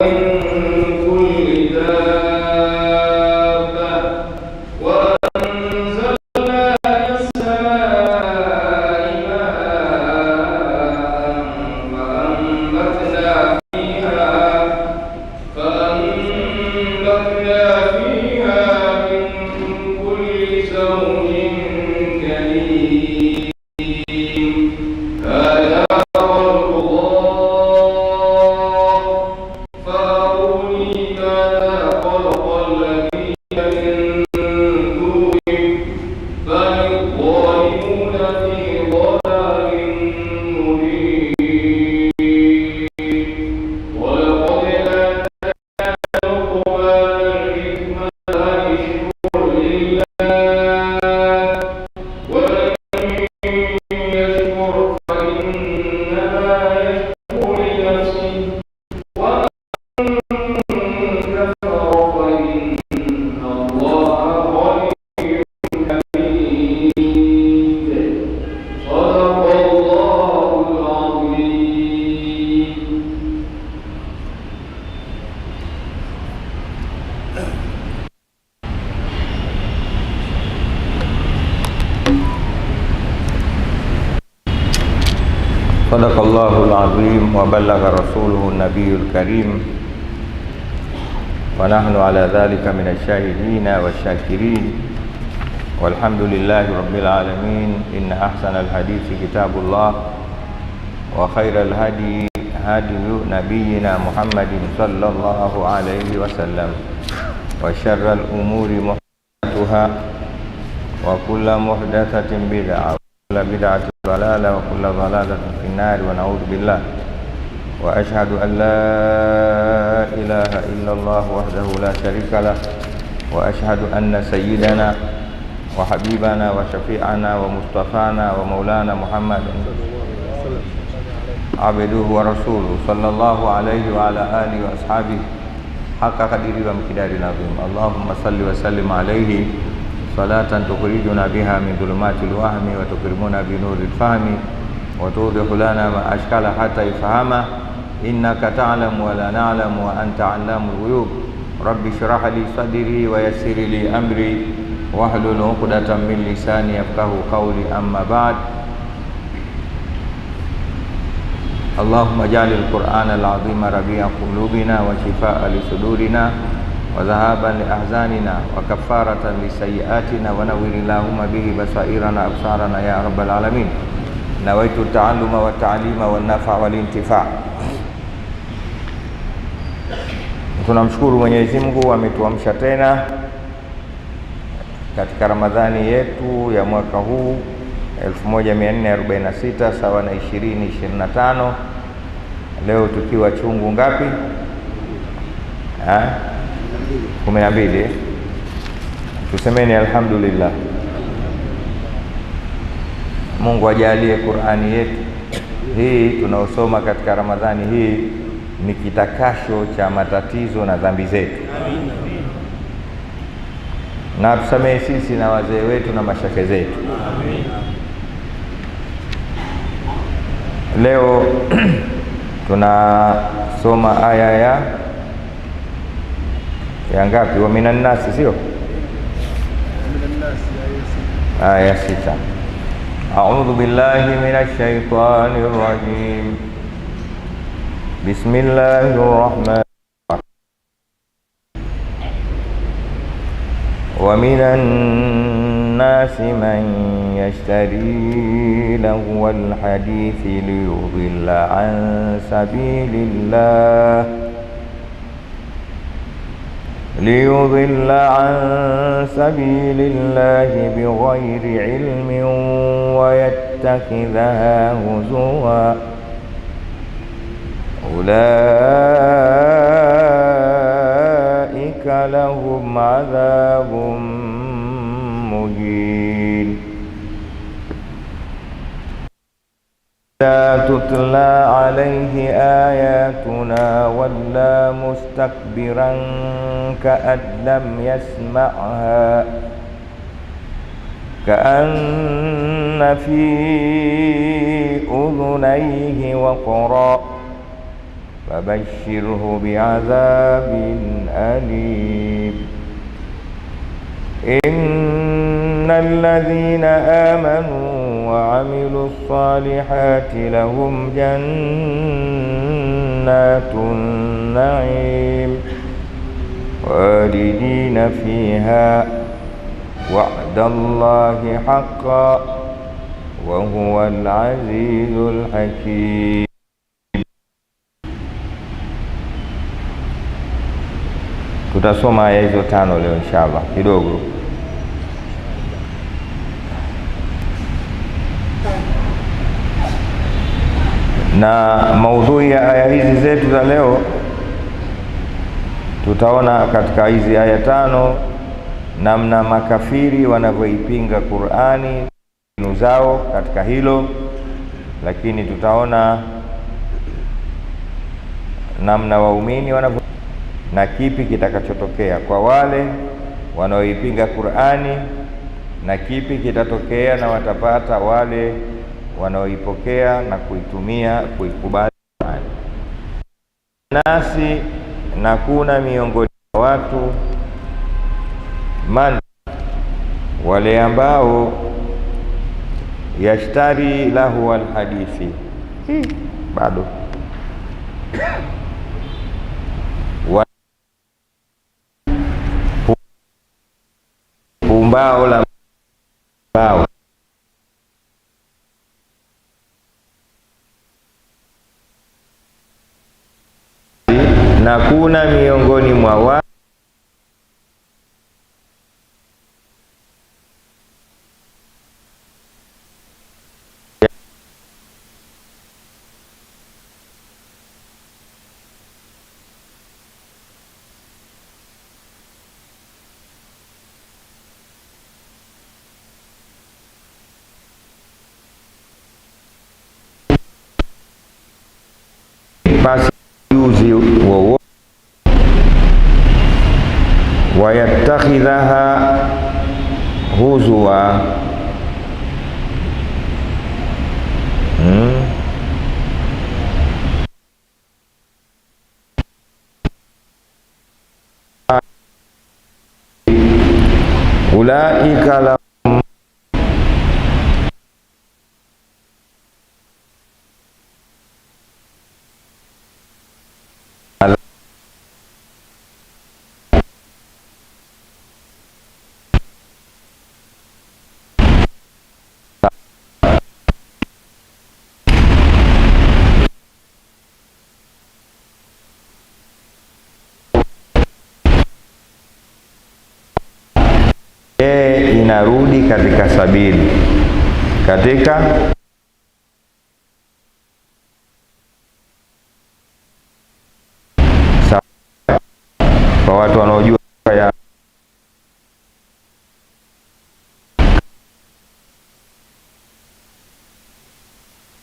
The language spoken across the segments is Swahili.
Thank you. صدق الله العظيم وبلغ رسوله النبي الكريم ونحن على ذلك من الشاهدين والشاكرين والحمد لله رب العالمين إن أحسن الحديث كتاب الله وخير الهدي هدي نبينا محمد صلى الله عليه وسلم وشر الأمور محدثاتها وكل محدثة بدعة كل بدعة ضلالة وكل ضلالة في النار ونعوذ بالله وأشهد أن لا إله إلا الله وحده لا شريك له وأشهد أن سيدنا وحبيبنا وشفيعنا ومصطفانا ومولانا محمدا عبده ورسوله صلى الله عليه وعلى آله وأصحابه حق قدره ومقدار العظيم اللهم صل وسلم عليه صلاة تخرجنا بها من ظلمات الوهم وتكرمنا بنور الفهم وتوضح لنا ما أشكال حتى يفهمه إنك تعلم ولا نعلم وأنت علام الغيوب رب اشرح لي صدري ويسر لي أمري واحلل عقدة من لساني يفقه قولي أما بعد اللهم اجعل القرآن العظيم ربيع قلوبنا وشفاء لصدورنا wadhahaban liahzanina wakafaratan lisayiatina wanawiri llahuma bihi basairana absarana ya rabbal alamin nawaitu taaluma wataalima wanafaa walintifaa. Tunamshukuru Mwenyezi Mungu ametuamsha tena katika Ramadhani yetu ya mwaka huu 1446 sawa na 2025 leo tukiwa chungu ngapi ha? kumi na mbili tusemeni alhamdulillah. Mungu ajalie Qur'ani yetu hii tunaosoma katika Ramadhani hii ni kitakasho cha matatizo na dhambi zetu, na tusamehe sisi na wazee wetu na mashake zetu. Leo tunasoma aya ya Yang ngapi? wa minan nas sio? Minan nas ya aya sita. A'udzu billahi minasy syaithanir rajim. Bismillahirrahmanirrahim. Wa ومن الناس من يشتري لهو الحديث ليضل عن سبيل الله ليضل عن سبيل الله بغير علم ويتخذها هزوا أولئك لهم عذاب مهين لا تتلى عليه آياتنا ولا مستكبرا كأن لم يسمعها كأن في أذنيه وقرا فبشره بعذاب أليم إن الذين آمنوا وعملوا الصالحات لهم جنات النعيم خالدين فيها وعد الله حقا وهو العزيز الحكيم tutasoma aya hizo tano leo inshallah kidogo Na maudhui ya aya hizi zetu za leo tutaona katika hizi aya tano namna makafiri wanavyoipinga Qur'ani nu zao katika hilo, lakini tutaona namna waumini wanavyo na kipi kitakachotokea kwa wale wanaoipinga Qur'ani na kipi kitatokea na watapata wale wanaoipokea na kuitumia kuikubali imani. Nasi na kuna miongoni mwa watu man wale ambao yashtari lahu alhadithi hmm. bado umbao la في ويتخذها هزوا أولئك لهم inarudi katika sabili katika kwa watu wanaojua ya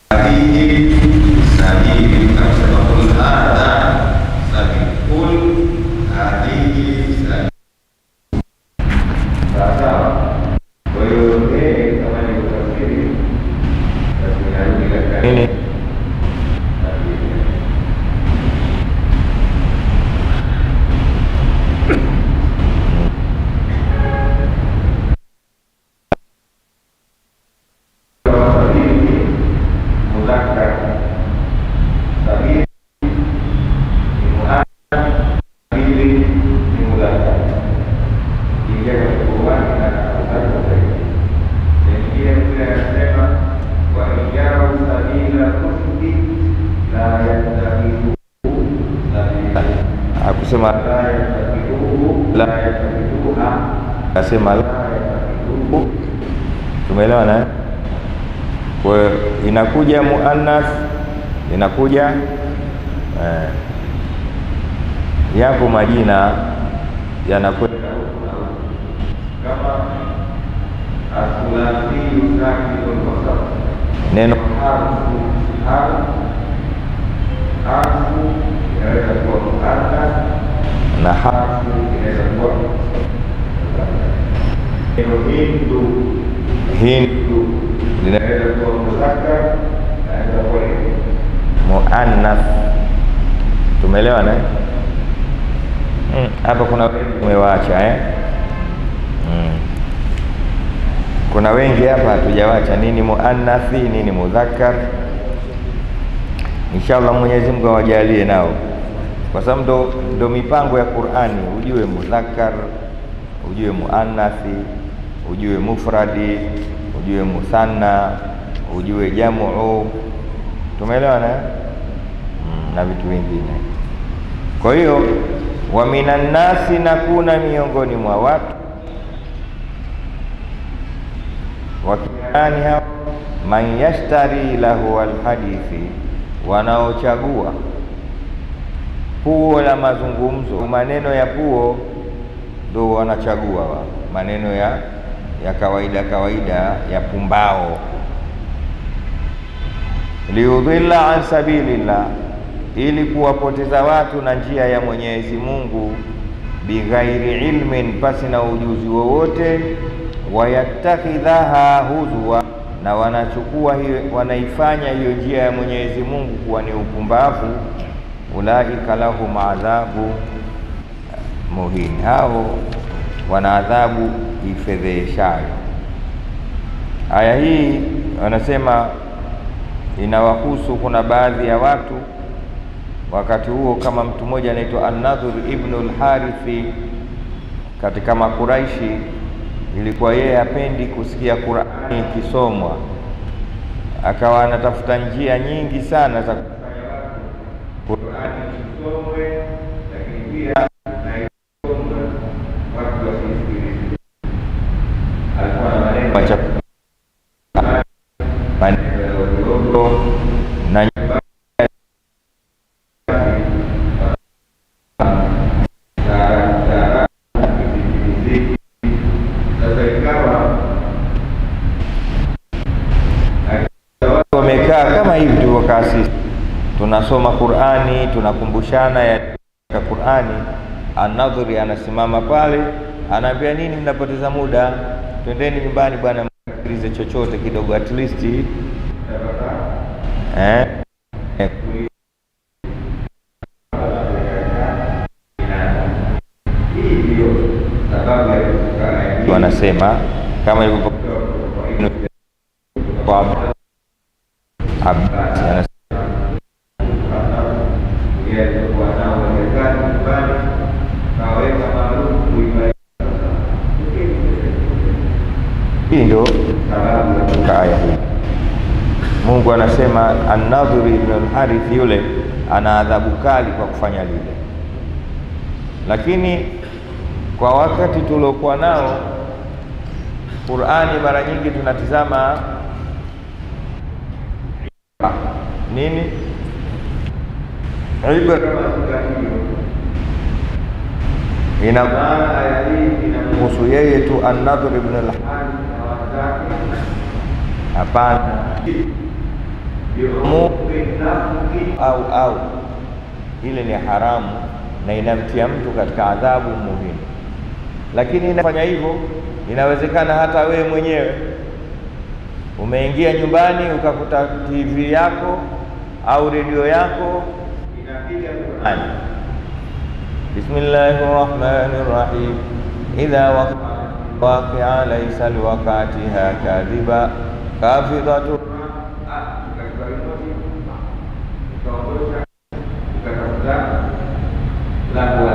sabili anasema uh, la yadubu. na kwa hiyo inakuja muannas inakuja eh, yapo majina yanakwenda neno na harfu inaweza kuwa Neno Hindu Hindu linaweza kuwa naweza kuwa Tumeelewa na mm. hapa kuna wengi umewacha eh? Mm. Kuna wengi hapa hatujawacha nini muannathi, nini mudhakar. Inshallah Mwenyezi Mungu awajalie nao, kwa sababu ndo ndo mipango ya Qur'ani, ujue mudhakar, ujue muannathi ujue mufradi, ujue muthanna, ujue jamuu, tumeelewana eh? mm, na vitu vingine. Kwa hiyo wa minan nasi, na kuna miongoni mwa watu wakiani hao, man yashtari lahu alhadithi, wanaochagua puo la mazungumzo, maneno ya puo ndo wanachagua wa maneno ya ya kawaida kawaida ya pumbao, liudhilla an sabilillah, ili kuwapoteza watu na njia ya Mwenyezi Mungu, bighairi ilmin, pasi na ujuzi wowote, wayattakhidhaha huzwa, na wanachukua hiyo, wanaifanya hiyo njia ya Mwenyezi Mungu kuwa ni upumbavu, ulaika lahum adhabu muhin, hao wana adhabu ifedheheshayo. Aya hii wanasema inawahusu, kuna baadhi ya watu wakati huo, kama mtu mmoja anaitwa Annadhur ibnu lharithi katika Makuraishi, ilikuwa yeye hapendi kusikia Qurani ikisomwa, akawa anatafuta njia nyingi sana za Qurani isomwe, lakini pia taasisi. Tunasoma Qur'ani, tunakumbushana ya Qur'ani. Anadhuri anasimama pale, anaambia nini, mnapoteza muda, twendeni nyumbani bwana, mkirize chochote kidogo, at least eh wanasema kama ilivyo Hii ndio katika aya hii. Mungu anasema anadhuri nadhiri ibn al-Harith, yule ana adhabu kali kwa kufanya lile, lakini kwa wakati tuliokuwa nao Qur'ani, mara nyingi tunatizama nini ibra ina maana aya hii inamhusu yeye tu an ibn al-Harith Hapana au au, ile ni haramu na inamtia mtu katika adhabu muhimu. Lakini inafanya hivyo, inawezekana hata wewe mwenyewe umeingia nyumbani ukakuta TV yako au redio yako inapiga Qur'an, bismillahir rahmanir rahim, idha waqa'a laysa liwaqatiha kadhiba Kafiratun lagu.